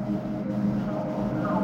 No.